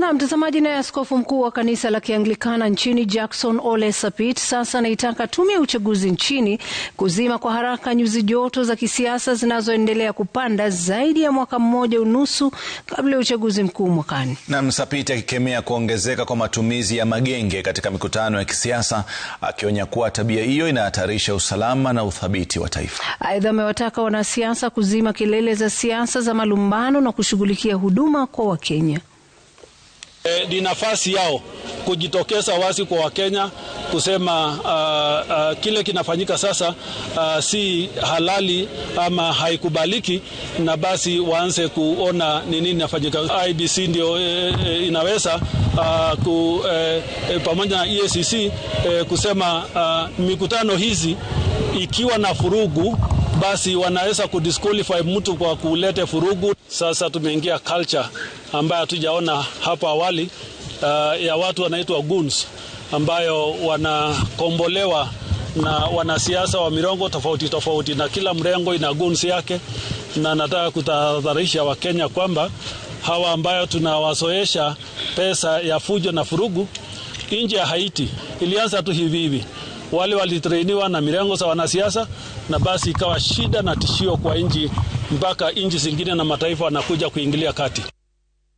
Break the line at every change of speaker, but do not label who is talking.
Na mtazamaji, naye askofu mkuu wa kanisa la Kianglikana nchini Jackson Ole Sapit sasa anaitaka tume ya uchaguzi nchini kuzima kwa haraka nyuzi joto za kisiasa zinazoendelea kupanda zaidi ya mwaka mmoja unusu kabla ya uchaguzi mkuu mwakani.
Na Sapit akikemea kuongezeka kwa matumizi ya magenge katika mikutano ya kisiasa, akionya kuwa tabia hiyo inahatarisha usalama na uthabiti wa taifa.
Aidha, amewataka wanasiasa kuzima kelele za siasa za malumbano na kushughulikia huduma kwa Wakenya.
E, ni nafasi yao kujitokeza wazi kwa Wakenya kusema uh, uh, kile kinafanyika sasa uh, si halali ama haikubaliki, na basi waanze kuona ni nini inafanyika. IBC ndio e, e, inaweza uh, ku, e, pamoja na EACC e, kusema uh, mikutano hizi ikiwa na furugu basi wanaweza kudisqualify mtu kwa kulete furugu. Sasa tumeingia culture ambayo hatujaona hapo awali, uh, ya watu wanaitwa goons ambayo wanakombolewa na wanasiasa wa mirongo tofauti tofauti, na kila mrengo ina guns yake, na nataka kutahadharisha Wakenya kwamba hawa ambayo tunawasoesha pesa ya fujo na furugu nje ya Haiti ilianza tu hivi hivi wale walitrainiwa na mirengo za wanasiasa, na basi ikawa shida na tishio kwa nchi, mpaka nchi zingine na mataifa wanakuja kuingilia kati.